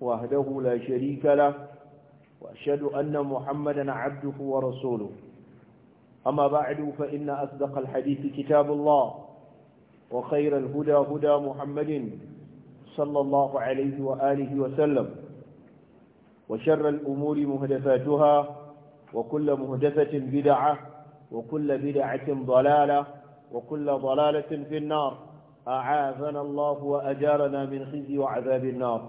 وحده لا شريك له وأشهد أن محمدا عبده ورسوله أما بعد فإن أصدق الحديث كتاب الله وخير الهدى هدى محمد صلى الله عليه وآله وسلم وشر الأمور مهدفاتها وكل مهدفة بدعة وكل بدعة ضلالة وكل ضلالة في النار أعاذنا الله وأجارنا من خزي وعذاب النار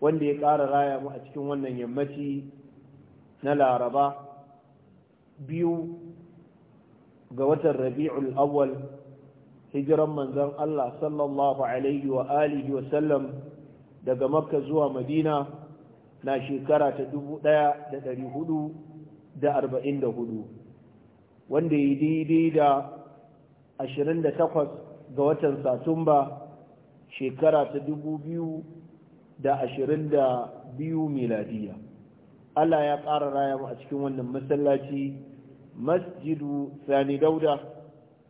wanda ya ƙara raya mu a cikin wannan yammaci na laraba biyu ga watan rabi'ul awwal hijiran manzan Allah sallallahu alaihi wa alihi wa sallam daga makka zuwa madina na shekara ta 1444 wanda ya daidai da 28 ga watan satumba shekara ta 2000 da ashirin da biyu miladiya Allah ya ƙara raya mu a cikin wannan masallaci masjidu sani dauda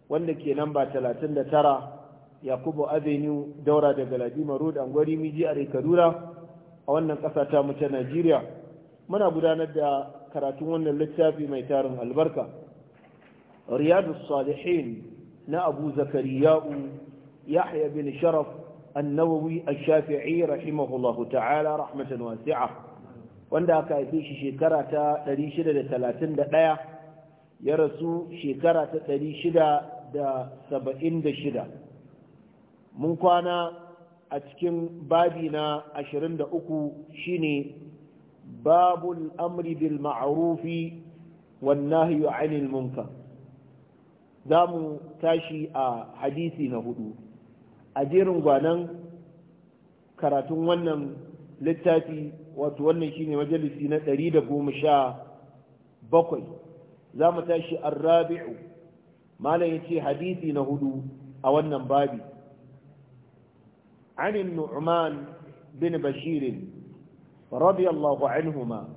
wanda ke nan ba talatin da tara yakubu avenue daura daga ladima road angwari miji a kaduna a wannan ƙasa ta mu najeriya muna gudanar da karatun wannan littafi mai tarin albarka riyadu salihin na abu Zakari zakariya'u yahya bin sharaf النووي الشافعي رحمه الله تعالى رحمة واسعة wanda aka haife shi shekara ta 631 ya rasu shekara ta 676 mun kwana a cikin babi na 23 shine babul amri bil ma'rufi wan nahyi 'anil zamu tashi a hadisi na hudu a jerin gwanan karatun wannan littafi wato wannan shi ne majalisi na 117 za mu tashi arrabi'u Rabi'u, ya ce hadithi na hudu a wannan babi anin nu'man bin bashirin rabi allahu anhuma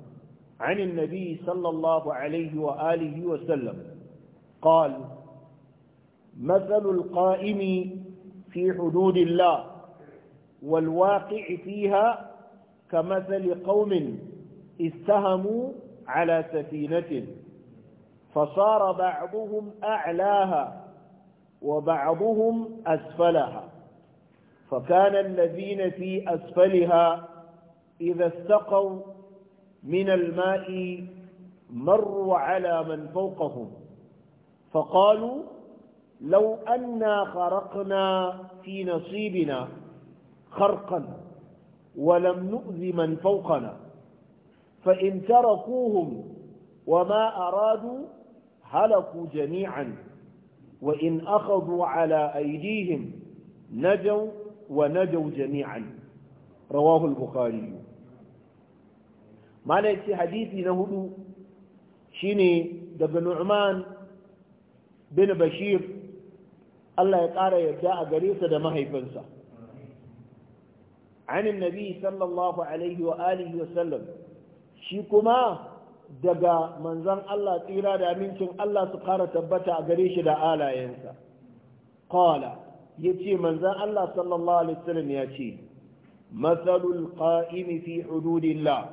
anin nabi sallallahu alaihi wa alihi wasallam ƙal mazalul ƙa'imi في حدود الله والواقع فيها كمثل قوم استهموا على سفينة فصار بعضهم أعلاها وبعضهم أسفلها فكان الذين في أسفلها إذا استقوا من الماء مروا على من فوقهم فقالوا لو أنا خرقنا في نصيبنا خرقا ولم نؤذ من فوقنا فإن تركوهم وما أرادوا هلكوا جميعا وإن أخذوا على أيديهم نجوا ونجوا جميعا رواه البخاري ما ليس حديثي نهدو شيني دب نعمان بن بشير Allah ya ƙara yarda a gare sa da mahaifinsa anin nabi sallallahu alaihi wa alihi wa sallam shi kuma daga manzan Allah tsira da amincin Allah su ƙara tabbata a gare shi da alayensa ya ce manzan Allah sallallahu alaihi wasallam ya ce matsalul ƙa’imi fi hududillah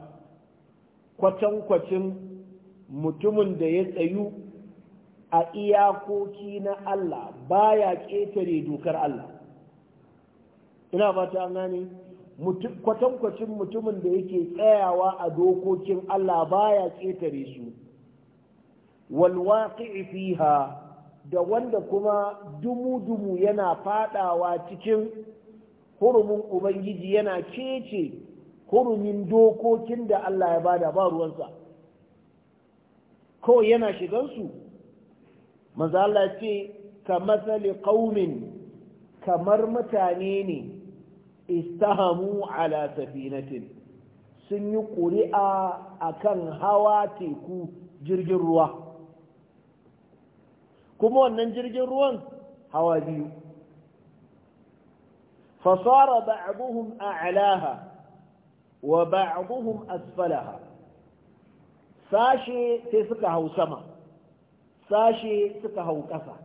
kwacin mutumin da ya tsayu a iyakoki na Allah baya ƙetare dokar Allah ina fata an gane kwatankwacin mutumin da yake tsayawa a dokokin Allah baya ƙetare su walwaƙi fiha da wanda kuma dumu-dumu yana fadawa cikin hurumin Ubangiji yana kece hurumin dokokin da Allah ya bada ba ruwansa kawai yana su. manzo Allah ce ka masali qaumin kamar mutane ne istahamu ala safinatin sun yi ƙuri'a akan hawa teku jirgin ruwa kuma wannan jirgin ruwan hawa biyu fasara a a'laha wa ba'abuhum asfalaha sashe sai suka hau sama sashe suka hau ƙasa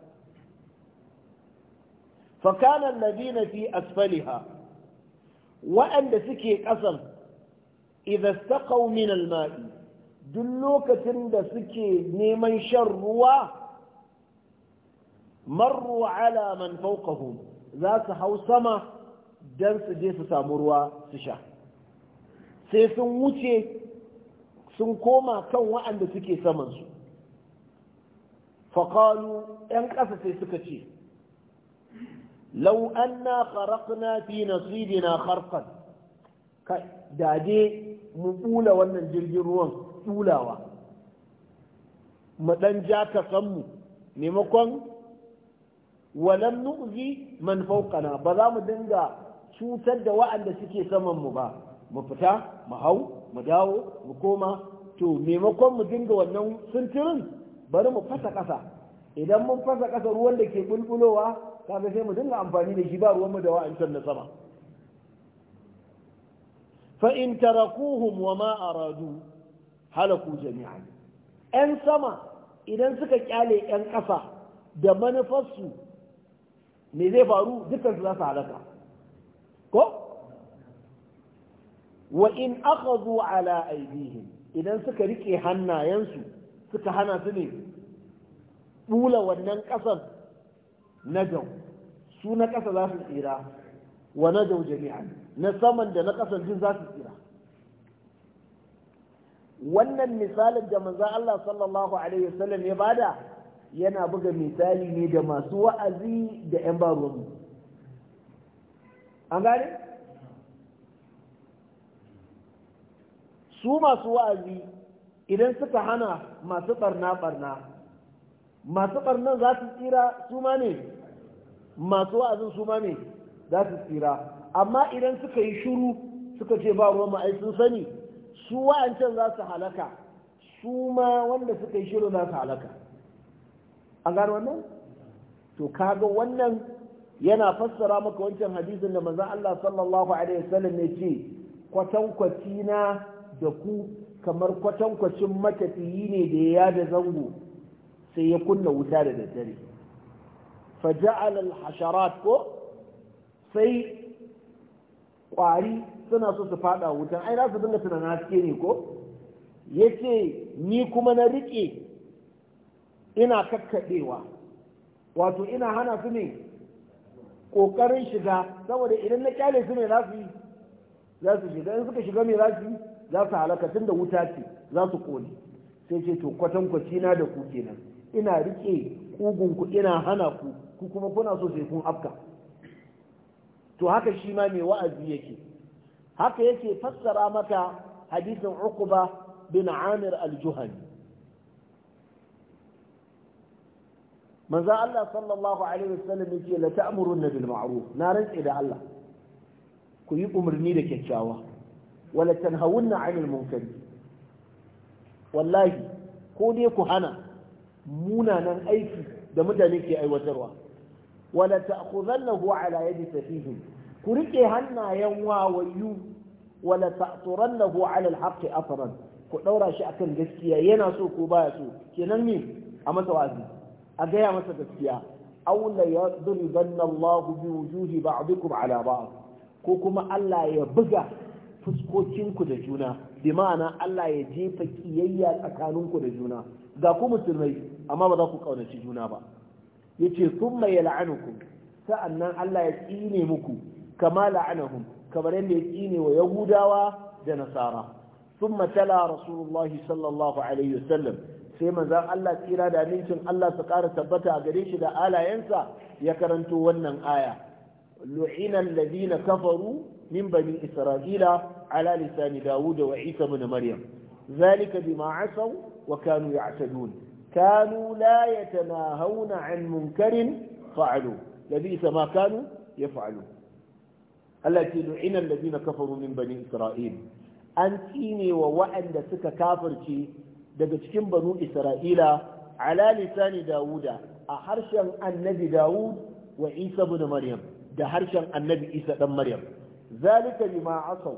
fakanan ladina fi asfaliha waɗanda suke ƙasan idan staƙau min alma'i duk lokacin da suke neman shan ruwa marru ala man fawqahum za su hau sama don su je su samu ruwa su sha sai sun wuce sun koma kan waɗanda suke samansu faƙalu 'yan ƙasa sai suka ce lau an na kharaqna fi nasibina kharqan kai dade mu bula wannan jirgin ruwan bulawa mu dan ja ka sanmu maimakon walam nu'zi man fawqana ba za mu dinga cutar da wa'anda suke saman mu ba mu fita mu hau mu dawo mu koma to maimakon mu dinga wannan suntirin bari mu fasa ƙasa idan mun fasa ƙasa ruwan da ke bulbulowa kaga sai mu dinga amfani da shi ba ruwan mu da can na sama fa in tarakuhum wa ma aradu halaku jami'an ƴan sama idan suka kyale ƴan ƙasa da manufarsu me zai faru dukkan su za su halaka ko wa in akhadhu ala aydihim idan suka rike hannayensu suka hana su ne bula wannan ƙasar jau su na ƙasa za su tsira wa na jau jami'an na saman da na ƙasar jin za su tsira wannan misalin da manzo Allah sallallahu alaihi wasallam ya bada yana buga misali ne da masu wa'azi da 'yan baruwanmu an gane su masu wa'azi idan suka hana masu barna barna masu barnan za su tsira su ma ne masu wa'azin su ma ne za su tsira amma idan suka yi shuru suka ce ba ruwan ma'ai sun sani su wa'ancan za su halaka su ma wanda suka yi shiru za su halaka A gano wannan to kaga wannan yana fassara maka wancan hadisin da manzon Allah sallallahu alaihi wasallam ya ce kwatankwaci na da ku kamar kwatankwacin matafiyi ne da ya da zango sai ya kunna wuta da daddare faja'al al-hasharat ko sai kwari suna so su fada wutan ai za su dinga tunanin haske ne ko yace ni kuma na rike ina kakkadewa wato ina hana su ne kokarin shiga saboda idan na kyale su ne za su za su shiga in suka shiga me za su za su halaka tun da wuta ce za su kone sai ce to kwatankwaci na da ku kenan ina rike kugun ku ina hana ku ku kuma kuna so sai kun afka to haka shi ma mai wa'azi yake haka yake fassara maka hadisin uqba bin amir al-juhani manzo Allah sallallahu alaihi wasallam yake la ta'muruna bil ma'ruf na rantsi da Allah ku yi umarni da kyakkyawa wala tanhawunna 'anil munkari wallahi ko dai ku hana munanan aiki da mutane ke aiwatarwa wala ta'khudhannahu 'ala yadi safihim ku rike hannayen wawayu wala ta'turannahu 'ala al afran ku daura shi akan gaskiya yana so ko baya so kenan ne a masa wazi a gaya masa gaskiya aw la yadribanna Allah bi wujuhi ba'dikum 'ala ba'd ko kuma Allah ya buga fuskokinku da juna bi ma'ana Allah ya jefa kiyayya tsakaninku da juna ga ku musulmai amma ba za ku kaunaci juna ba yace thumma yal'anukum sa'annan Allah ya tsine muku kama la'anahum kamar yadda ya tsine wa yahudawa da nasara thumma tala rasulullahi sallallahu alaihi wasallam sai manzon Allah tsira da amincin Allah su kara tabbata a gare shi da alayensa ya karanto wannan aya lu'ina alladhina kafaru min bani isra'ila ala lisani dawud wa isa ibn maryam zalika bima asaw wa kanu ya'tadun kanu la yatanahawna an munkarin fa'alu labisa ma kanu yaf'alu Allah ce du'ina alladhina kafaru min bani an tsinewa wa suka kafirce daga cikin banu isra'ila ala lisani dawuda a harshen annabi dawud wa isa ibn maryam da harshen annabi isa dan maryam zalika bima asaw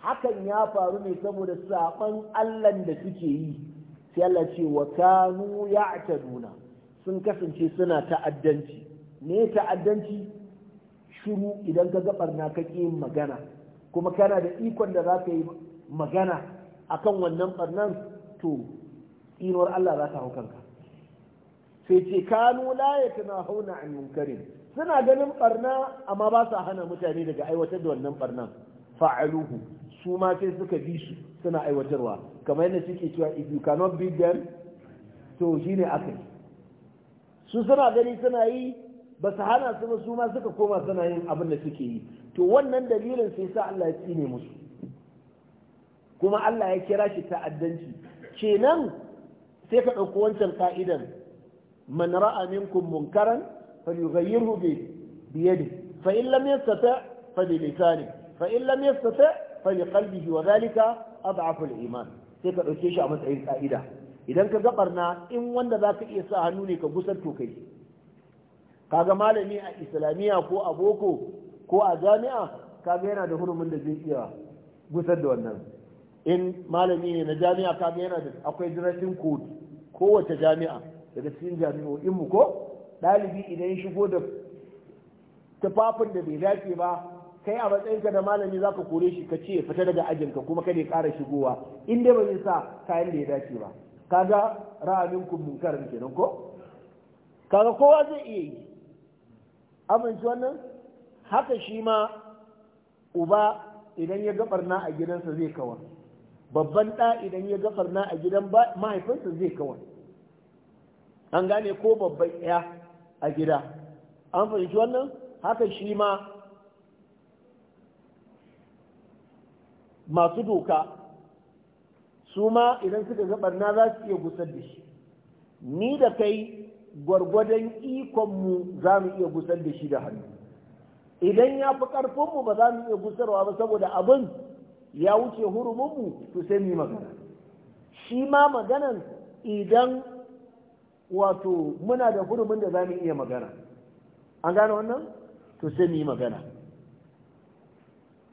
hakan ya faru ne saboda saban Allah da suke yi sai Allah ce wa kanu ya'taduna sun kasance suna ta'addanci ne ta'addanci shiru idan ka ga barna ka ƙi magana kuma kana da ikon da za ka yi magana akan wannan barnan to inuwar Allah za ta hau kanka sai ce kanu la yatanahuna an munkarin suna ganin barna amma ba su hana mutane daga aiwatar da wannan barnan fa'aluhu su ma sai suka bi su suna aiwatarwa kamar yadda suke cewa if you cannot beat them to shine akai su suna gani suna yi ba su hana su ba su ma suka koma suna yin abin da suke yi to wannan dalilin sai sa Allah ya tsine musu kuma Allah ya kira shi ta'addanci kenan sai ka ɗauko wancan ka'idan man ra'a minkum munkaran falyughayyirhu bi biyadi fa in lam yastata fa bi lisani fa in lam yastata fa bi qalbihi wa dhalika ad'afu al-iman sai ka ɗauke shi a matsayin ƙa'ida idan ka ga gabarna in wanda zaka iya sa hannu ne ka gusar to kai kaga malami a islamiyya ko a boko ko a jami'a kaga yana da hurumin da zai iya gusar da wannan in malami ne na jami'a kaga yana da akwai dressing code kowace jami'a daga cikin jami'o'in mu ko ɗalibi idan ya shigo da tufafin da bai dace ba kai a matsayinka da malami za ka kore shi ka ce ya fita daga ajinka kuma kada ya ƙara shigowa in dai ba zai sa kayan da ya dace ba kaga ra'amin kun munkar kenan ko kaga kowa zai iya yi amince wannan haka shi ma uba idan ya ga barna a gidansa zai kawar babban ɗa idan ya ga barna a gidan mahaifinsa zai kawar an gane ko babban ya a gida an fahimci wannan haka shi ma masu doka su ma idan suka ga barna za su iya gusar da shi ni da kai gwargwadon ikonmu za mu iya gusar da shi da hannu idan ya fi ƙarfinmu ba za mu iya gusarwa ba saboda abin ya wuce hurumunmu su sai mu yi magana shi ma maganan idan wato muna da hurumin da za mu iya magana an gane wannan to sai mu yi magana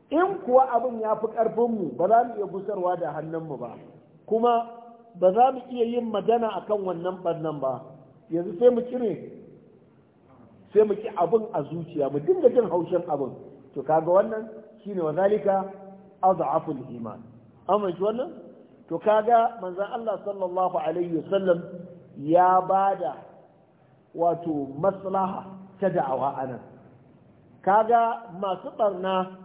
in kuwa abin ya fi ƙarfinmu ba za mu iya busarwa da hannunmu ba kuma ba za mu iya yin magana a kan wannan ɓannan ba yanzu sai mu kire sai mu ki abin a zuciya mu dinga jin haushin abin to kaga wannan shine wa zalika adhaful iman shi wannan to kaga manzon Allah sallallahu alaihi wasallam ya bada wato maslaha ta da'awa anan kaga masu barna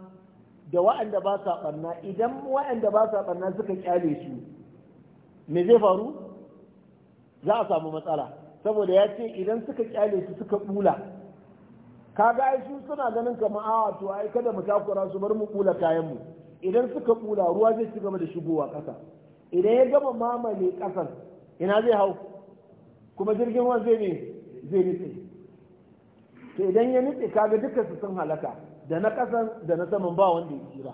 da wa'anda ba sa barna idan wa'anda ba sa barna suka kyale su me zai faru za a samu matsala saboda ya ce idan suka kyale su suka bula kaga ai su suna ganin kamar a ah, wato ai kada mu takura su bar mu bula kayan mu idan suka bula ruwa zai ci gaba da shigowa ƙasa idan ya gama mamaye ƙasar ina zai hau kuma jirgin ruwan zai ne zai to idan ya nutse kaga dukkan su sun halaka da na kasan da na saman ba wanda ya jira.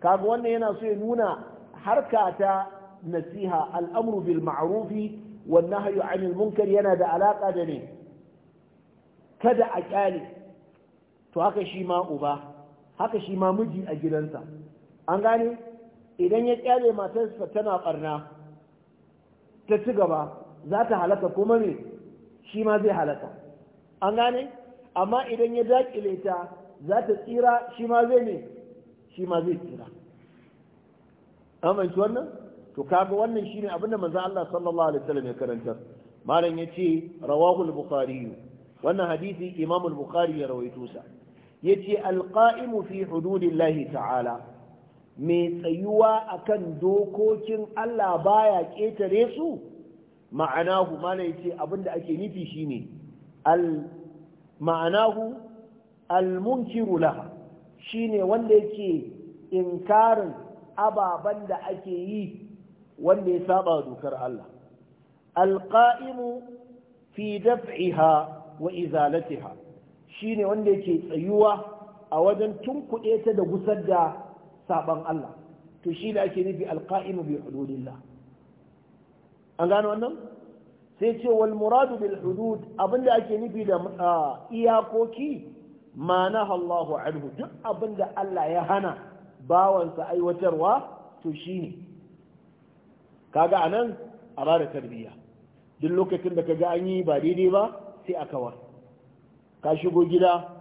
kaga wannan yana so ya nuna harka ta nasiha al'amru bil ma'rufi wan nahyu 'anil munkar yana da alaka da ne kada a kyale to haka shi ma uba haka shi ma miji a gidansa an gane idan ya kyale matarsa tana barna ta ci gaba za ta halaka kuma ne shi ma zai halaka an gane amma idan ya dakile ta za ta tsira shi ma zai ne shi ma zai tsira wannan to kaga wannan shine abin da manzo Allah sallallahu alaihi wasallam ya karanta malam yace rawahu al-bukhari wannan hadisi imam al-bukhari ya rawaito sa yace al-qa'imu fi hududillahi ta'ala mai tsayuwa akan dokokin Allah baya ketare su ma'anahu mana yace abinda ake nufi shine ne. ma'anahu almunkiru laha laha shine wanda yake inkarin ababan da ake yi wanda ya saba dokar Allah Alƙa'imu fi daf'iha wa izalatiha shine wanda yake tsayuwa a wajen tunkuɗe ta da gusar da saban Allah to shi ne ake nufi alqa'imu bi hududillah an gano wannan sai ce wal muradu bil hudud abinda ake nufi da iyakoki mana Allahu anhu duk abinda Allah ya hana bawansa aiwatarwa to shine kaga anan a bada tarbiyya duk lokacin da kaga an yi ba daidai ba sai a kawar ka shigo gida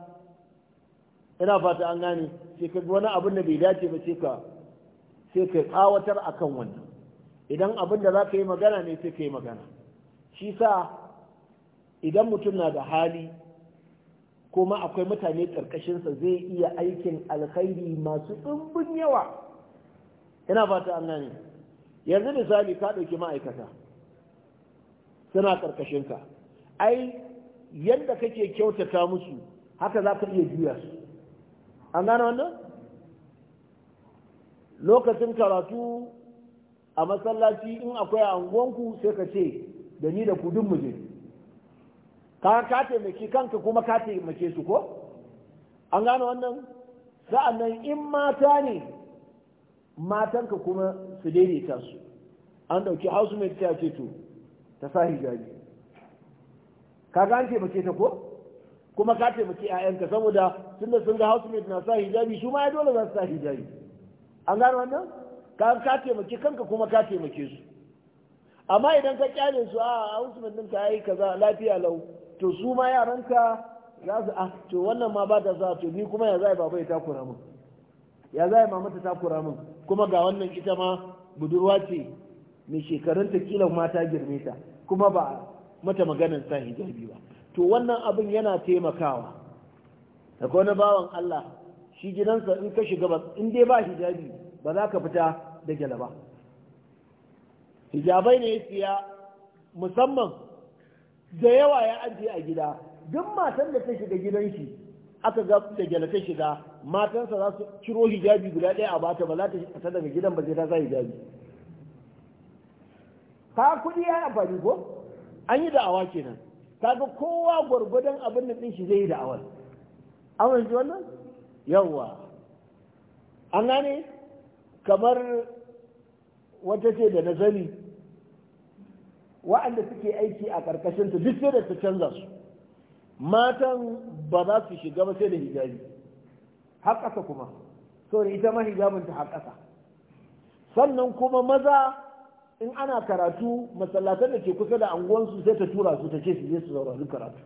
ina fata an gane sai ka wani abin da bai dace ba sai ka sai ka tsawatar akan wannan idan abin da za ka yi magana ne sai ka yi magana shi sa idan mutum na da hali kuma akwai mutane ƙarƙashinsa zai iya aikin alkhairi masu ɗumbin yawa ina fata an gane yanzu misali ka ɗauki ma'aikata suna ƙarƙashinka ai yadda kake kyautata musu haka za ka iya juya su an gane wannan lokacin karatu a masallaci in akwai a unguwanku sai ka ce da ni da ku duk mu je ka ka taimaki kanka kuma ka taimake su ko an gane wannan sa'annan in mata ne matanka kuma su daidaita su an dauki mai ta ce to ta sa hijabi ka ga an taimake ta ko kuma ka taimaki ƴaƴanka saboda tunda sun ga mai na sa hijabi su ma ya dole za su sa hijabi an gane wannan ka ka taimaki kanka kuma ka taimake su amma idan ka kyale su ah, a Usman din ka yi kaza lafiya lau to su ma yaranka za su ah to wannan ma ba ta za to ni kuma ya zai baba ya takura min ya zai mama ta takura min kuma ga wannan ita ma budurwa ce mai shekarun ta kilan mata girme ta kuma ba mata maganar sa hijabi ba to wannan abin yana taimakawa akwai wani bawan Allah shi gidansa in ka shiga ba in dai ba hijabi ba za ka fita da gyala ba hijabai ne ya siya musamman da yawa ya ajiye a gida duk matan da ta shiga gidan shi aka ga da gyale ta shiga matansa za su ciro hijabi guda ɗaya a bata ba za ta shiga daga gidan ba zai ta za hijabi ka kuɗi ya amfani ko an yi da'awa kenan ga kowa gwargwadon abin da ɗin shi zai yi da'awar an wanzu wannan yawwa an gane kamar wata ce da na zani wa'anda suke aiki a ƙarƙashin ta duk sai da ta canza su matan ba za su shiga ba sai da hijabi haƙasa kuma da ita ma haƙasa sannan kuma maza in ana karatu masallatan da ke kusa da anguwansu sai ta tura su ta ce su je su zaurari karatu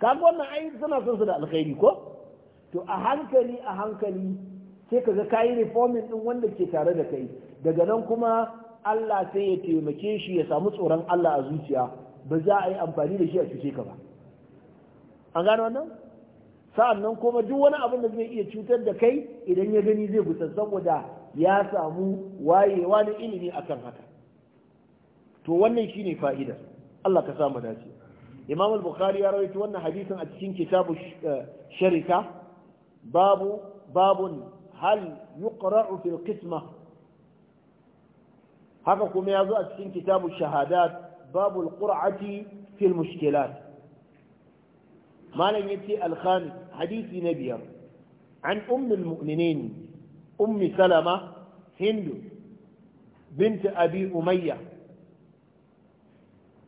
kaga wannan ai suna son su da alkhairi ko to a hankali a hankali sai ka ga kayi reforming din wanda ke tare da kai daga nan kuma Allah sai ya taimake shi ya samu tsoron Allah a zuciya ba za a yi amfani da shi a cuce ka ba an gano wannan sa'an nan kuma duk wani abin da zai iya cutar da kai idan ya gani zai gusa saboda ya samu wayewa na ilimi akan haka to wannan shine fa'ida. Allah ka samu dace Imam al-Bukhari ya rawaito wannan hadisin a cikin kitabu eh, sharika babu babun هل يقرع في القسمة هذا كما يضع في كتاب الشهادات باب القرعة في المشكلات ما لم يبتي الخامس حديث نبي عن أم المؤمنين أم سلمة هند بنت أبي أمية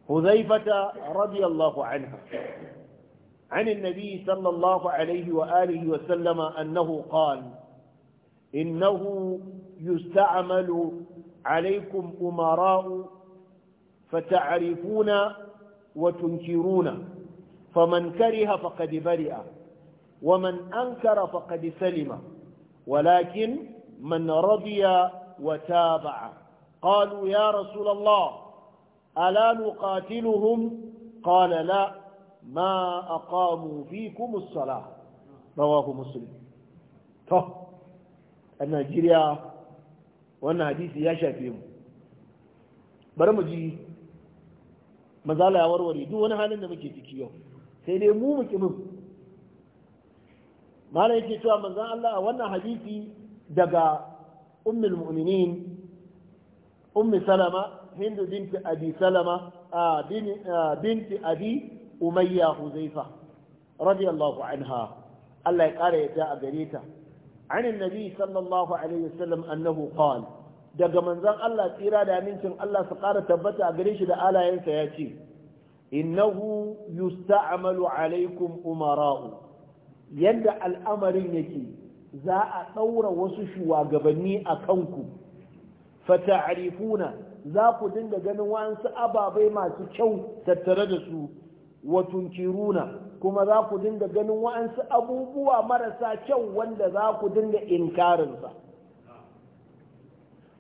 حذيفة رضي الله عنها عن النبي صلى الله عليه وآله وسلم أنه قال إنه يستعمل عليكم أمراء فتعرفون وتنكرون فمن كره فقد برئ ومن أنكر فقد سلم ولكن من رضي وتابع قالوا يا رسول الله ألا نقاتلهم قال لا ما أقاموا فيكم الصلاة رواه مسلم طه a najeriya wannan hadisi ya shafe mu bari mu ji mazala ya warware duk wani halin da muke ciki yau sai dai mu mu kimin yake cewa maza Allah a wannan hadisi daga ummul mu'minin ummi salama hindu binti abi salama binti abi umayya huzaifa radiyallahu anha Allah ya kara yadda a gare ta عن النبي صلى الله عليه daga manzon Allah tsira da amincin Allah su ƙara tabbata a gare shi da alayensa ya ce innahu yusta'malu alaikum umara'u yadda al'amarin yake za a ɗaura wasu shugabanni a kanku fata'rifuna za ku dinga ganin wa'ansu ababai masu kyau tattare da su wa tunkiruna kuma za ku dinga ganin wa'ansu abubuwa marasa kyau wanda za ku dinga inkarinsa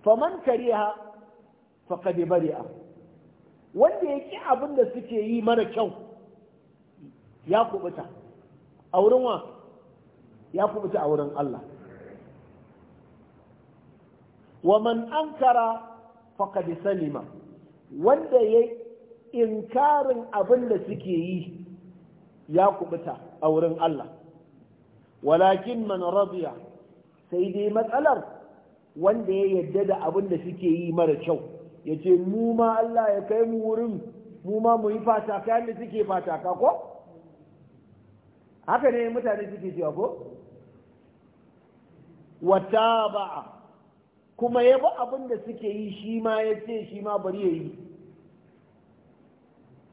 faman kariha faƙad bari'a wanda ya ƙi abin da suke yi mara kyau ya kubuta a wurin wa ya kubuta a wurin Allah wa man fa faƙad salima wanda ya inkarin abin da suke yi ya kubuta a wurin Allah walakin man radiya sai dai matsalar wanda ya yadda da abin da suke yi mara kyau ya ce mu ma Allah ya kai mu wurin mu ma mu yi fataka yadda suke fataka ko haka ne mutane suke cewa ko wata ba'a kuma ya bi abin da suke yi shi ma ya ce shi ma bari ya yi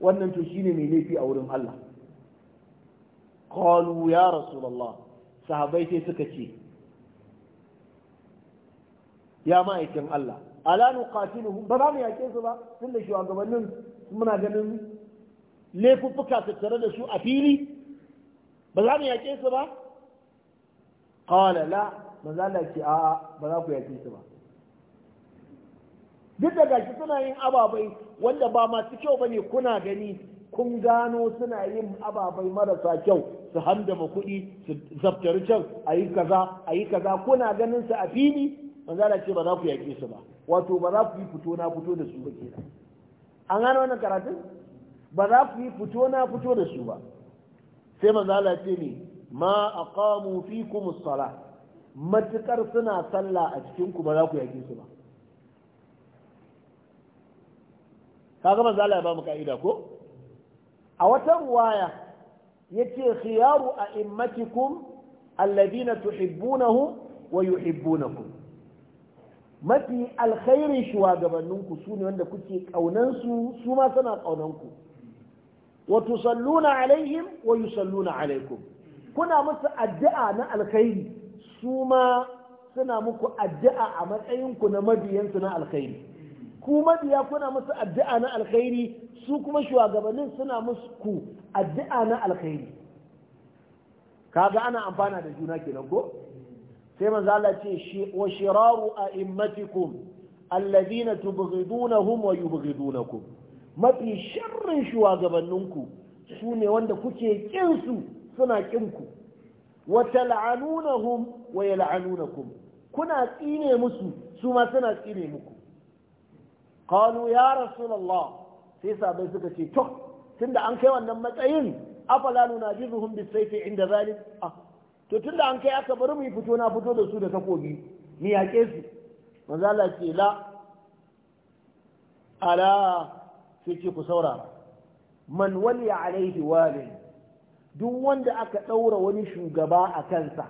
wannan to shi ne mai laifi a wurin Allah qalu ya rasulullah sahabbai sai suka ce ya ma'aikin Allah ala nuqatiluhum ba za mu yake su ba tun da shugabannin muna ganin laifuffuka tare da su a fili ba za mu yake su ba qala la za la ce a ba za ku yake su ba duk da gashi suna yin ababai wanda ba masu kyau bane kuna gani kun gano suna yin ababai marasa kyau su handama kuɗi su zaftari can a yi kaza a yi kaza kuna ganin su a fili manzala ce ba za ku yaƙe su ba wato ba za ku yi fito na fito da su ba kenan an gano wannan karatun ba za ku yi fito na fito da su ba sai manzala ce ne ma aqamu fikum as-salah matukar suna sallah a cikin ku ba za ku yaƙe su ba kaga manzala ya ba mu ka'ida ko a wata ruwaya yace khiyaru a'immatikum alladhina tuhibbunahu wa yuhibbunakum mafi alkhairin shugabanninku su ne wanda kuke ƙaunansu su ma suna ƙaunanku wa tusalluna alaihim wa yusalluna alaikum kuna musu addu'a na alkhairi su ma suna muku addu'a a matsayinku na mabiyansu na alkhairi ku mabiya kuna musu addu'a na alkhairi su kuma shugabannin suna musu ku addu'a na alkhairi kaga ana amfana da juna kenan ko sai manzo Allah ce wa shiraru a'immatikum alladhina tubghidunahum wa yubghidunakum mafi sharrin shugabanninku su ne wanda kuke kin su suna kin ku wa tal'anunahum wa yal'anunakum kuna tsine musu su ma suna tsine muku qalu ya rasulullah sai sabai suka ce to tunda an kai wannan matsayin afala nunajizuhum bisayfi inda zalik ah to tunda an kai aka bari mu fito na fito da su da takobi ni yake su manzo Allah ce la ala sai ce ku saurara man wali alaihi walin duk wanda aka daura wani shugaba a kansa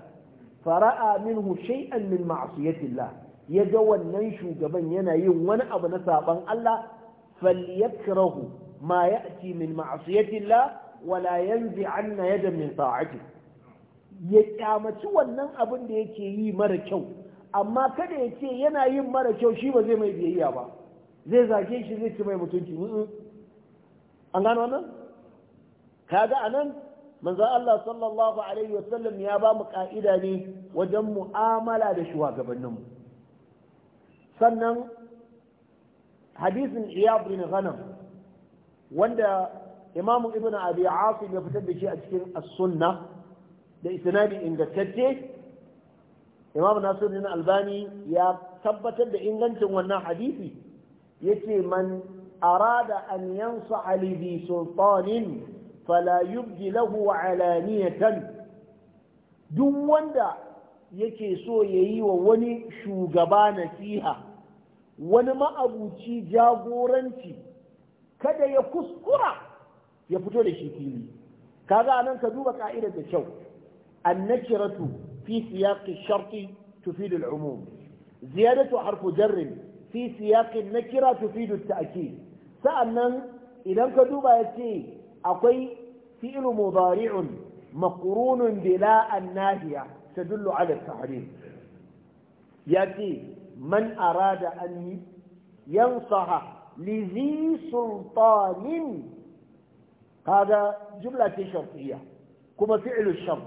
fara'a minhu shay'an min ma'siyatillah ya ga wannan shugaban yana yin wani abu na saban Allah falyakrahu ma ya'ti min ma'siyatillah wala yanzi anna yadan min sa'ati ya kyamaci wannan abin da yake yi mara kyau amma kada ya ce yana yin mara kyau shi ba zai mai biyayya ba zai zage shi zai ci mai mutunci an gano nan kaga anan manzo Allah sallallahu alaihi wasallam ya ba mu ka'ida ne wajen mu'amala da shugabanninmu sannan hadisin iyad bin ghanam wanda imam ibn abi asim ya fitar da shi a cikin as-sunna da isnadi ingantacce imam nasiruddin albani ya tabbatar da ingancin wannan hadisi yace man arada an yansaha li bi sultanin fala yubdi lahu alaniyatan duk wanda yake so yayi wa wani shugaba nasiha wani ma'abuci jagoranci kada ya kuskura ya fito da shi fili kaga anan ka duba ka'idar da kyau annakiratu fi siyaqi sharti tufid al-umum ziyadatu harfu jarr fi siyaqi nakira tufid at-ta'kid sa'annan idan ka duba yace akwai fi'l mudari'un maqrunun bila an-nahiya tadullu ala at-tahrim yace man arada an yansaha li zi sultanin kaga jumla ce sharfiyya kuma fi'lu shar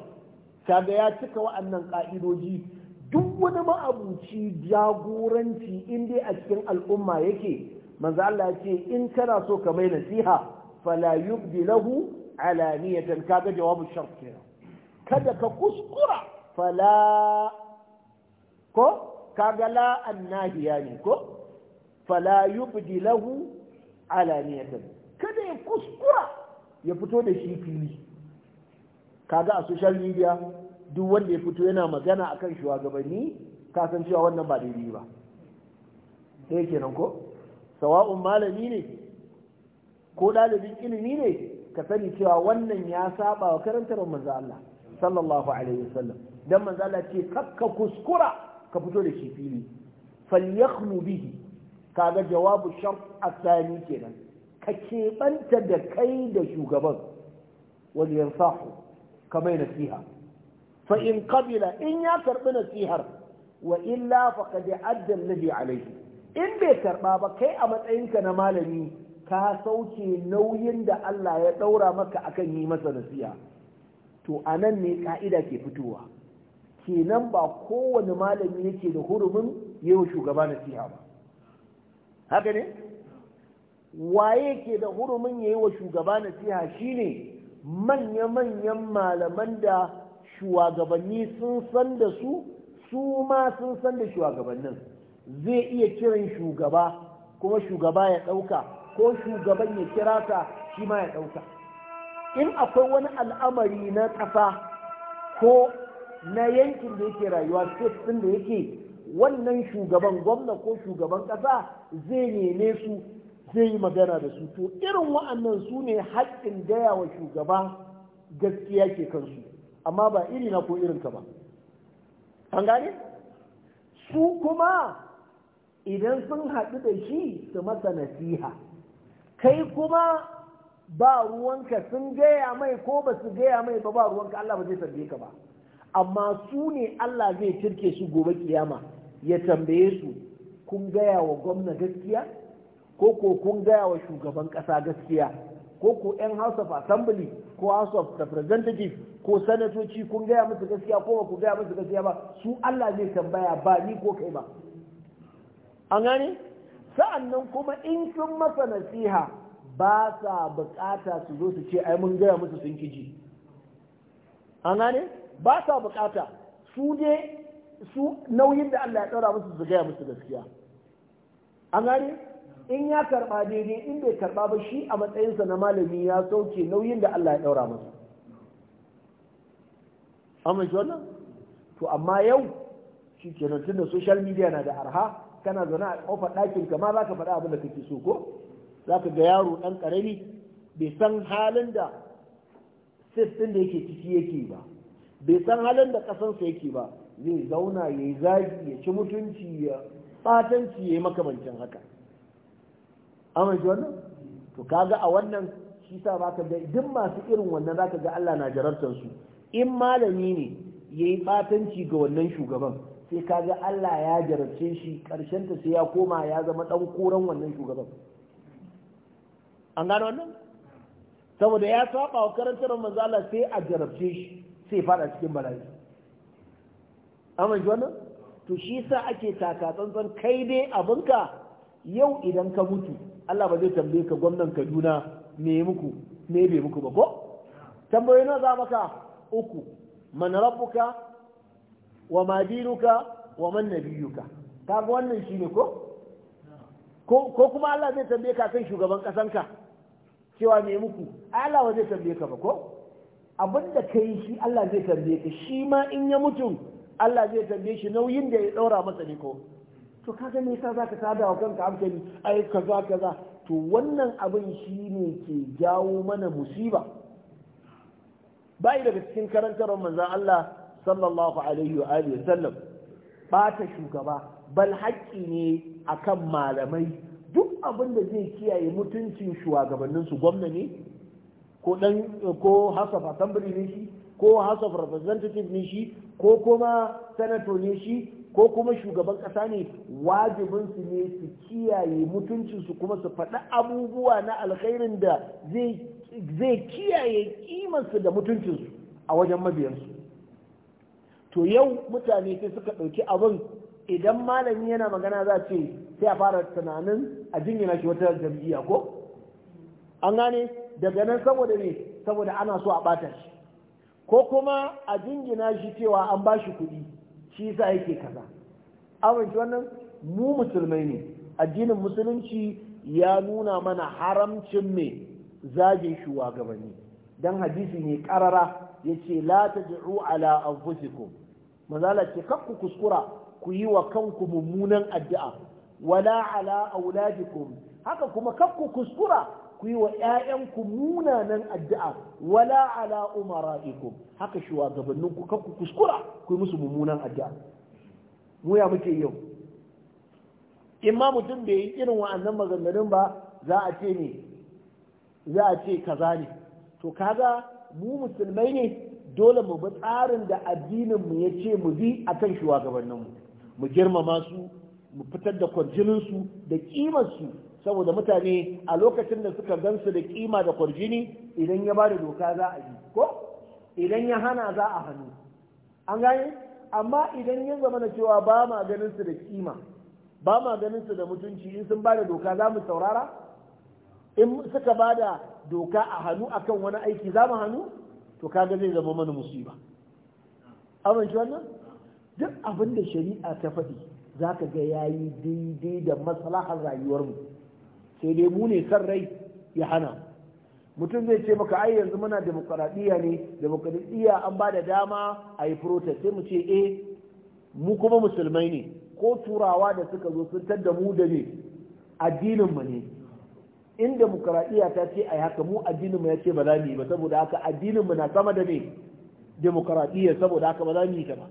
kaga ya cika wa'annan ƙa'idoji, duk wani ma'abuci jagoranci in dai a cikin al'umma yake manzo Allah ce in kana so ka mai nasiha fala yubdi lahu alaniyatan kaga jawabu shart kada ka kuskura fala ko kaga la annahiya ne ko fala yubdi lahu alaniyatan kada ya kuskura ya fito da shi fili kaga a social media duk wanda ya fito yana magana akan shugabanni ka san cewa wannan ba daidai ba sai kenan ko sawa'un malami ne ko dalibin ilimi ne ka sani cewa wannan ya saba wa karantar manzo Allah sallallahu alaihi wasallam dan manzo Allah ce kakka kuskura ka fito da shi fili falyakhlu bihi kaga jawabu shart asani kenan ka keɓanta da kai da shugaban wal yansahu ka mai nasiha fa in qabila in ya karbi nasihar wa illa faqad adda alladhi alayhi in bai karba ba kai a matsayinka na malami ka sauke nauyin da Allah ya daura maka akan yi masa nasiha to anan ne ka'ida ke fitowa kenan ba kowane malami yake da hurumin yau shugaba nasiha ba haka ne waye ke da hurumin yayi wa shugaba nasiha shine manya-manyan malaman da shugabanni sun san da su su ma sun san da shugabannin zai iya kiran shugaba kuma shugaba ya ɗauka ko shugaban ya kira ka shi ma ya ɗauka in akwai wani al'amari na ƙasa ko na yankin da yake rayuwa state ɗin da yake wannan shugaban gwamna ko shugaban ƙasa zai neme su zai yi magana da su to irin wa'annan su ne haƙƙin gaya wa shugaba gaskiya ke kansu amma ba iri na ko irinka ba an gane su kuma idan sun haɗu da shi su masa nasiha kai kuma ba ruwanka sun gaya mai ko ba su gaya mai ba ba ruwanka Allah ba zai sarge ka ba amma su ne Allah zai turke su gobe kiyama ya tambaye su kun gaya wa gwamna gaskiya ko ko kun gaya wa shugaban ƙasa gaskiya ko ko 'yan house of assembly ko house of representatives ko sanatoci kun gaya musu gaskiya ko ba ku gaya musu gaskiya ba su Allah zai tambaya ba ni ko kai ba an gane sa'annan kuma in sun masa nasiha ba sa bukata su zo su ce ai mun gaya musu sun kiji an gane ba sa bukata su ne su nauyin da Allah ya ɗaura musu su gaya musu gaskiya an gane in ya karba daidai in bai karba ba shi a matsayinsa na malami ya sauke nauyin da Allah ya ɗora masa amma shi wannan to amma yau shi ke nan tunda social media na da arha kana zana a kofar ɗakin kama ma za ka faɗa abin da kake so ko za ka ga yaro ɗan ƙarami bai san halin da sis ɗin da yake ciki yake ba bai san halin da kasansa yake ba zai zauna ya yi zagi ya ci mutunci ya batanci ya yi makamancin haka amma shi wannan to kaga a wannan shi sa ba ka ga duk masu irin wannan za ka ga Allah na jarabtar su in malami ne ya yi batanci ga wannan shugaban sai kaga Allah ya jarabce shi karshen ta sai ya koma ya zama dan koran wannan shugaban an gano wannan saboda ya saba wa karantar manzo sai a jarabce shi sai fada cikin bala'i amince wannan to shi yasa ake taka tsantsan kai dai abinka yau idan ka mutu Allah ba zai tambaye ka gwamnan Kaduna me muku me bai muku ba ko tambaye na za maka uku man rabbuka wa ma dinuka wa man nabiyuka kaga wannan shine ko ko kuma Allah zai tambaye ka kan shugaban kasanka cewa me muku Allah ba zai tambaye ka ba ko abin da ka yi shi Allah zai tambaye ka shi ma in ya mutu Allah zai tambaye shi nauyin da ya ɗaura masa ne ko to ka ga me yasa zaka sada wa kanka hankali ai kaza kaza to wannan abin shi ne ke jawo mana musiba bai daga cikin karantar manzon Allah sallallahu alaihi wa alihi sallam bata shugaba bal haƙƙi ne akan malamai duk abin da zai kiyaye mutuncin shugabanninsu gwamna ne ko dan ko house of assembly ne shi ko house of representative ne shi ko kuma senator ne shi ko kuma shugaban kasa ne wajibin su ne su kiyaye mutuncin su kuma su faɗi abubuwa na alkhairin da zai kiyaye kimansu da mutuncinsu a wajen mabiyansu to yau mutane sai suka ɗauki abun idan malami yana magana za ce sai a fara tunanin a jingina shi wata jam'iyya ko an gane daga nan saboda ne saboda ana so a ɓata shi ko kuma a jingina shi cewa an ba shi kuɗi shi yasa yake kaza amince wannan mu musulmai ne addinin musulunci ya nuna mana haramcin me zage shuwagabanni. dan hadisi ne karara yace la tad'u ala anfusikum mazala ce kakku kuskura ku yi wa kanku mummunan addu'a wala ala auladikum haka kuma kakku kuskura ku yi wa ‘ya'yanku munanan addu'a wala ala umara'ikum haka shugabanninku kan ku kuskura ku yi musu mummunan addu'a mu ya muke yau in ma mutum bai yi irin wa'annan maganganun ba za a ce ne za a ce kaza ne to kaga mu musulmai ne dole mu bi tsarin da addinin mu ya ce mu bi akan shugabanninmu mu girmama su mu fitar da su, da su saboda mutane a lokacin da suka gansu da kima da kwarjini idan ya ba da doka za a yi ko idan ya hana za a hannu an gane amma idan yin zama na cewa ba ma ganin su da kima ba ma ganin su da mutunci in sun ba da doka za mu saurara in suka ba da doka a hannu akan wani aiki za mu hannu to kaga zai zama mana musiba amince wannan duk abin da shari'a ta faɗi za ka ga yi daidai da maslahar rayuwarmu sai dai mu ne san rai ya hana mutum zai ce maka ai yanzu muna demokaradiyya ne demokaradiyya an ba da dama a yi protest sai mu ce eh mu kuma musulmai ne ko turawa da suka zo sun tadda mu da ne addinin mu ne in demokaradiyya ta ce ai haka mu addinin mu ya ce ba za mu yi ba saboda haka addinin mu na sama da ne demokaradiyya saboda haka ba za mu yi ta ba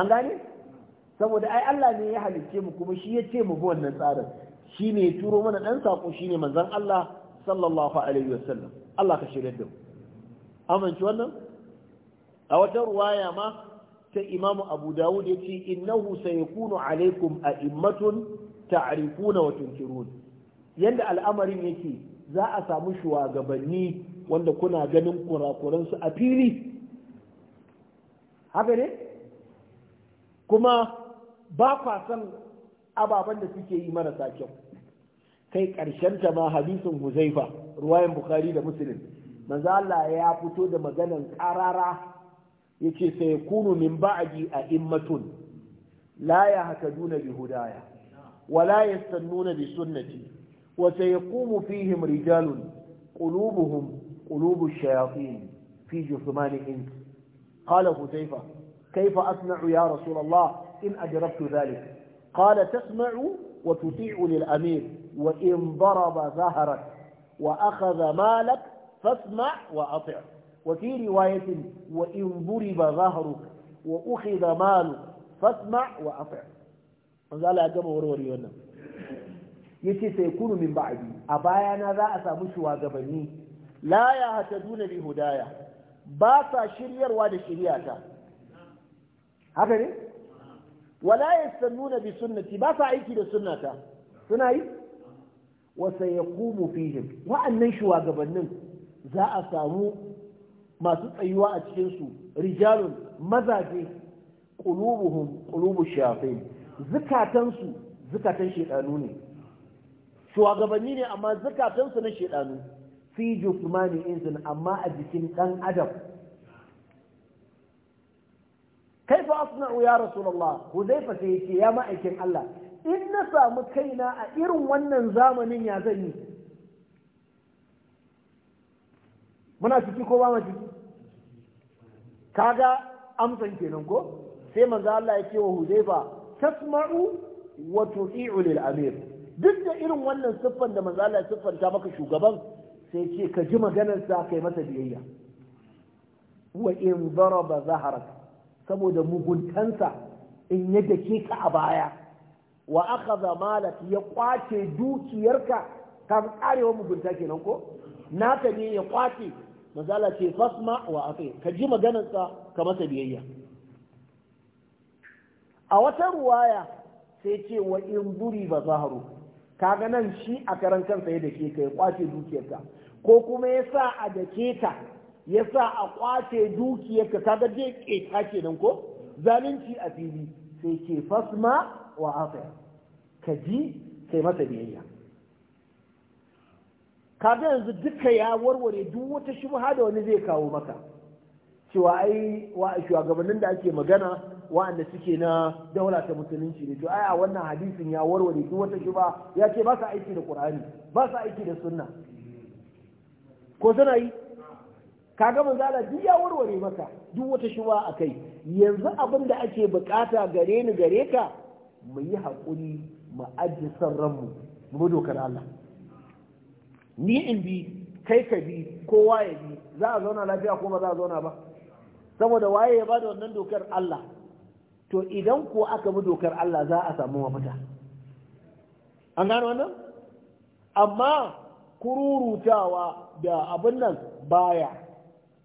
an gane saboda ai Allah ne ya halicce mu kuma shi ya ce mu bi wannan tsarin shine ya turo mana dan sako shine manzon Allah sallallahu alaihi wasallam Allah ka shirye da amince wannan a wata ruwaya ma ta Imam Abu Dawud ya yace innahu sayakunu alaikum a'immatun ta'rifuna wa tunkirun yanda al'amarin yake za a samu shugabanni wanda kuna ganin kurakuran su a fili haka ne kuma ba kwa san ababen da suke yi marasa kyau kai ƙarshen ta ma hadisin huzaifa ruwayan bukhari da muslim manzo Allah ya fito da maganan Ya yace sai ya kunu min a immatun. la yahtaduna bi hudaya wa la yastannuna bi sunnati wa sayaqumu fihim rijalun qulubuhum qulubu shayatin fi juthmani ins qala huzaifa Kaifa asna'u ya rasulallah in ajrabtu dhalik qala tasma'u وتطيع للأمير وإن ضرب ظهرك وأخذ مالك فاسمع وأطع وفي رواية وإن ضرب ظهرك وأخذ مالك فاسمع وأطع هذا لا يجب أوروري هنا يتي سيكون من بعدي أبايانا ذا أسامش واغبني لا يهتدون بهدايا باسا شرير واد شرياتا هكذا wala yastannuna bi sunnati ba sa aiki da sunnata suna yi wa sayaqumu fihim wa'annan shugabannin za a samu masu tsayuwa a cikin su rijalun mazaje qulubuhum qulubu shayatin zukatan su zukatan shedanu ne shugabanni ne amma zukatan su na shedanu fi jufmani insan amma a jikin dan adam kai fa asna'u ya rasulullah huzaifa sai yace ya ma'aikin Allah in na samu kaina a irin wannan zamanin ya zan yi muna ciki ko ba mu ciki kaga amsan kenan ko sai manzo Allah ya wa huzaifa tasma'u wa tuti'u lil amir duk da irin wannan siffan da manzo Allah ya siffanta maka shugaban sai ce ka ji maganar sa kai masa biyayya wa in daraba zaharak saboda muguntansa in ya dake ka a baya wa akhadha malak ya kwace dukiyarka kan karewa mugunta kenan ko naka ne ya kwace mazala ce fasma wa afi ka ji maganarsa ka masa biyayya a wata ruwaya sai ce wa in buri ba zaharu kaga nan shi a karan kansa ya dake ka ya kwace dukiyarka ko kuma ya sa a dake ta. ya sa a kwace dukiyarka kaga je keta kenan ko zalunci a fili sai ke fasma wa afaya ka ji kai masa biyayya Ka ga yanzu duka ya warware duk wata shubha da wani zai kawo maka cewa ai wa shugabannin da ake magana wa'anda suke na daula ta musulunci ne to ai a wannan hadisin ya warware duk wata shubha ya ce ba sa aiki da qur'ani ba sa aiki da sunna ko suna yi kaga manzala duk ya warware maka duk wata shuwa a kai yanzu abin da ake bukata gare ni gare ka mu yi haƙuri mu ajiye san mu mu dokar Allah ni in bi kai ka bi kowa ya bi za a zauna lafiya ko ba za a zauna ba saboda waye ya bada wannan dokar Allah to idan ko aka bi dokar Allah za a samu mafita an gano wannan amma kururutawa da abin nan baya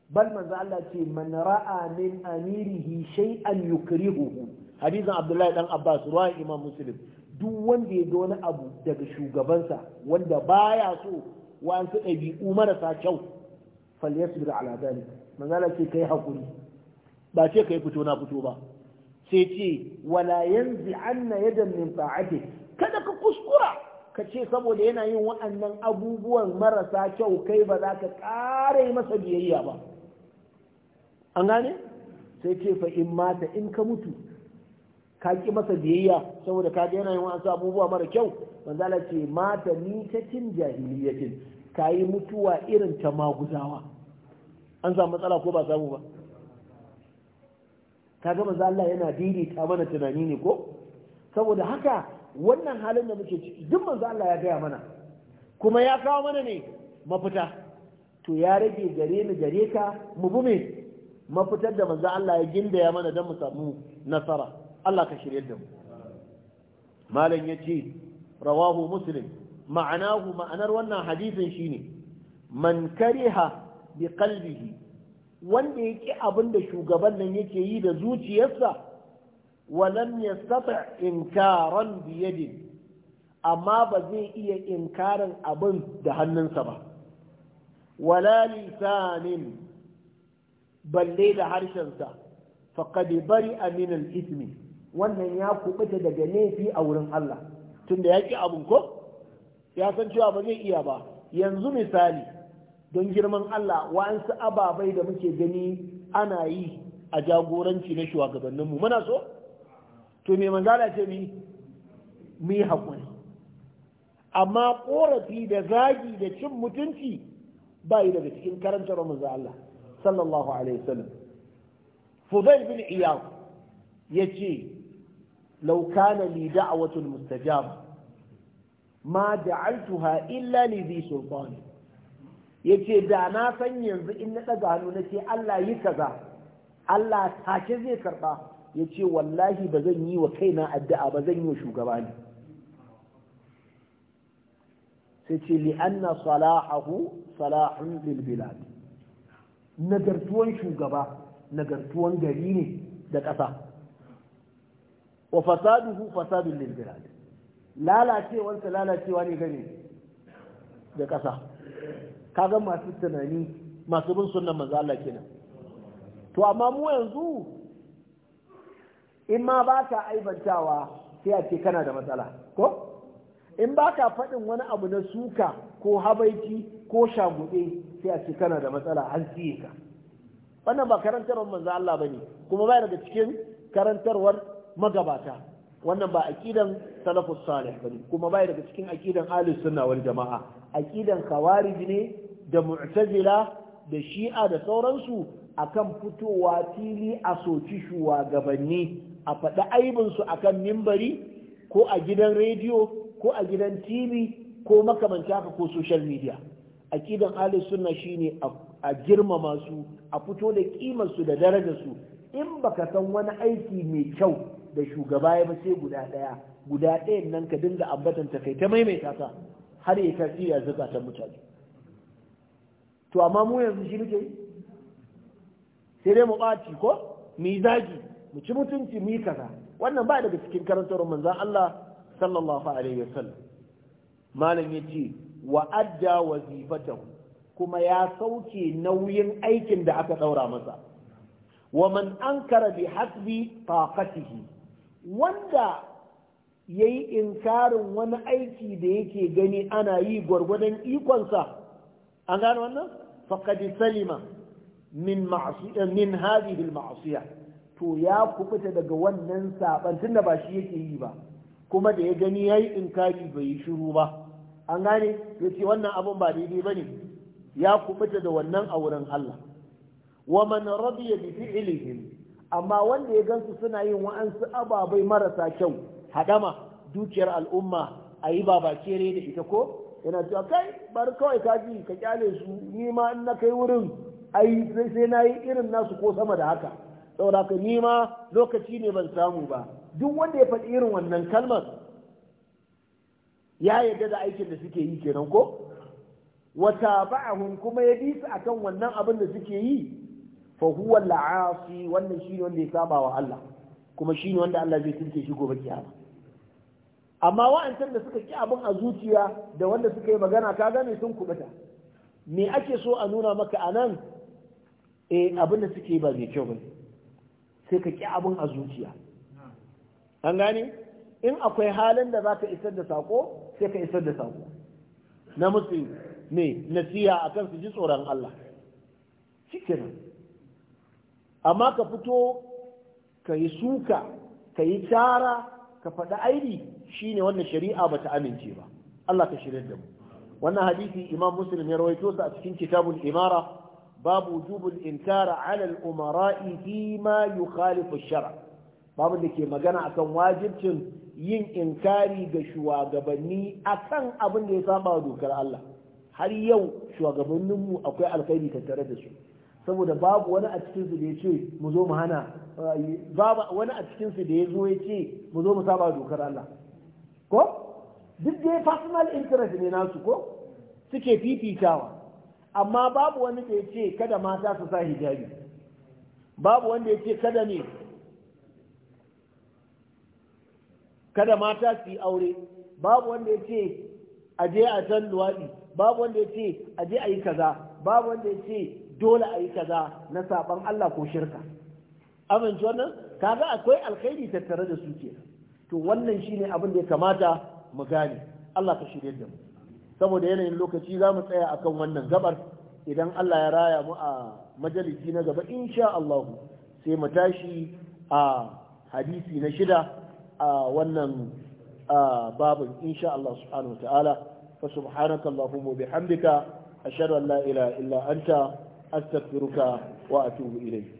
bal manzo Allah ce man ra'a min amirihi shay'an yukrihuhu hadisin Abdullahi dan Abbas ruwa Imam Muslim duk wanda ya ga wani abu daga shugabansa wanda baya so wa'ansu ɗabi'u marasa kyau falyasbir ala dalik manzo ce kai hakuri ba ce kai fito na fito ba sai ce wala yanzi anna yadan min ta'ati kada ka kuskura ka ce saboda yana yin wa'annan abubuwan marasa kyau kai ba za ka ƙara yi masa biyayya ba an gane sai ce fa in mata in ka mutu ka ki masa biyayya saboda ka yana yin wasu abubuwa mara kyau manzala ce mata ni ta cin jahiliyatin ka yi mutuwa irin ta maguzawa an samu matsala ko ba samu ba Ta gama manzo Allah yana daidaita mana tunani ne ko saboda haka wannan halin da muke ciki duk manzo Allah ya gaya mana kuma ya kawo mana ne mafita to ya rage gare mu gare ka mu bi mafitar da manzo Allah ya gindaya mana don mu samu nasara Allah ka shirye da mu malam yace rawahu muslim ma'anahu ma'anar wannan hadisin shine man kariha bi qalbihi wanda yake abin da shugaban nan yake yi da zuciyarsa walam ya inkaran bi yadi amma ba zai iya inkarin abin da hannunsa ba wala lisanin balle da harshen harshensa faqad bari min al wannan ya kubuta daga laifi a wurin Allah tunda yaki abun ko ya san cewa ba zai iya ba yanzu misali don girman Allah wa'ansu ababai da muke gani ana yi a jagoranci na shugabanninmu muna so to me manzala ce mi mu yi haƙuri amma ƙorafi da zagi da cin mutunci ba daga cikin karantar za Allah sallallahu alaihi wasallam fudail bin iyad yace law kana li da'watul mustajab ma ja'altuha illa li bi sultan yace da na san yanzu in na daga hannu nace Allah yi kaza Allah take zai karba yace wallahi ba zan yi wa kaina addu'a ba zan yi wa shugaba ne sai ce li'anna salahu salahun lil bilad nagartuwan shugaba nagartuwan gari ne da ƙasa wa fasaduhu fasadun lil lalacewansa lalacewa ne gani da ƙasa kaga masu tunani masu bin sunnan manzo Allah kenan to amma mu yanzu in ma ba ka aibantawa sai a ce kana da matsala ko in ba ka faɗin wani abu na suka ko habaiki ko shaguɗe sai a ce kana da matsala an siye ka wannan ba karantarwar manzo Allah ba kuma baya daga cikin karantarwar magabata wannan ba aqidan salafus salih ba ne kuma baya daga cikin aqidan ahlus sunna wal jama'a aqidan khawarij ne da mu'tazila da shi'a da sauransu akan fitowa fili a soci shugabanni a faɗi aibinsu akan mimbari ko a gidan rediyo ko a gidan tv ko makamanta haka ko social media aqidan ahlus sunna shine a girmama su a fito da kimar su da darajar su in baka san wani aiki mai kyau da shugaba ya ba sai guda daya guda ɗayan nan ka dinga ambatan ta kai ta maimaita ta har ya tasiri a ta mutane to amma mu yanzu shi muke yi sai dai mu ɓaci ko mu yi zagi mu ci mutunci mu yi kaza wannan ba daga cikin karantar manzan Allah sallallahu alaihi wasallam malam yace wa adda wazifatahu kuma ya sauke nauyin aikin da aka daura masa wa man ankara bi hasbi taqatihi wanda yayi inkarin wani aiki da yake gani ana yi gwargwadon ikonsa an gano wannan faqad salima min ma'siyah min hadhihi al-ma'siyah to ya kubuta daga wannan saban tunda ba shi yake yi ba kuma da ya gani ya yi inkari bai yi shiru ba an gane ya ce wannan abin ba daidai ba ne ya kubuta da wannan a wurin Allah wa man radiya bi fi'lihim amma wanda ya gansu suna yin wa'ansu ababai marasa kyau hadama dukiyar al'umma a yi ne da ita ko yana cewa kai bari kawai ji ka kyale su ni ma in na kai wurin ai sai sai na yi irin nasu ko sama da haka saboda ka nima lokaci ne ban samu ba duk wanda ya faɗi irin wannan kalmar ya yarda da aikin da suke yi kenan ko wata ba'ahun kuma ya bi su akan wannan abin da suke yi fa huwa la'asi wannan shine wanda ya saba wa Allah kuma shine wanda Allah zai tunke shi gobe kiyama amma wa'ancan da suka ki abin a zuciya da wanda suka yi magana ka gane sun kubuta me ake so a nuna maka anan eh abin da suke ba zai kyau bane sai ka ƙi abin a zuciya an gane in akwai halin da za ka isar da sako sai ka isar da sako na musu ne nasiha akan su ji tsoron Allah cikin amma ka fito ka yi suka ka yi tara ka faɗi shi ne wannan shari'a ba ta amince ba Allah ka shirya da mu wannan hadisi imam muslim ya rawaito sa a cikin kitabun imara babu wujubul inkara ala al-umara'i fi ma shara babu da ke magana akan wajibcin yin inkari ga shugabanni akan abin da ya saba wa dokar Allah har yau shugabanninmu akwai alkhairi tattare da su saboda babu wani a cikinsu da ya ce mu zo mu hana babu wani a cikin da ya zo ya ce mu zo mu saba wa dokar Allah ko duk dai personal interest ne nasu ko suke fititawa. amma babu wani da ya ce kada mata su sa hijabi babu wanda ya ce kada ne kada mata su yi aure babu wanda ya ce a je a can luwaɗi babu wanda ya ce a je a yi kaza babu wanda ya ce dole a yi kaza na saban Allah ko shirka amince wannan kaga akwai alkhairi tattare da su ke to wannan shine abin da ya kamata mu gane Allah ka shirye da mu saboda yanayin lokaci za mu tsaya akan wannan gabar idan Allah ya raya mu a majalisi na gaba insha Allah sai mu tashi a hadisi na shida a wannan babin insha Allah subhanahu ta'ala fa subhanaka allahumma bihamdika ashhadu an la ilaha illa anta astaghfiruka wa atubu ilayk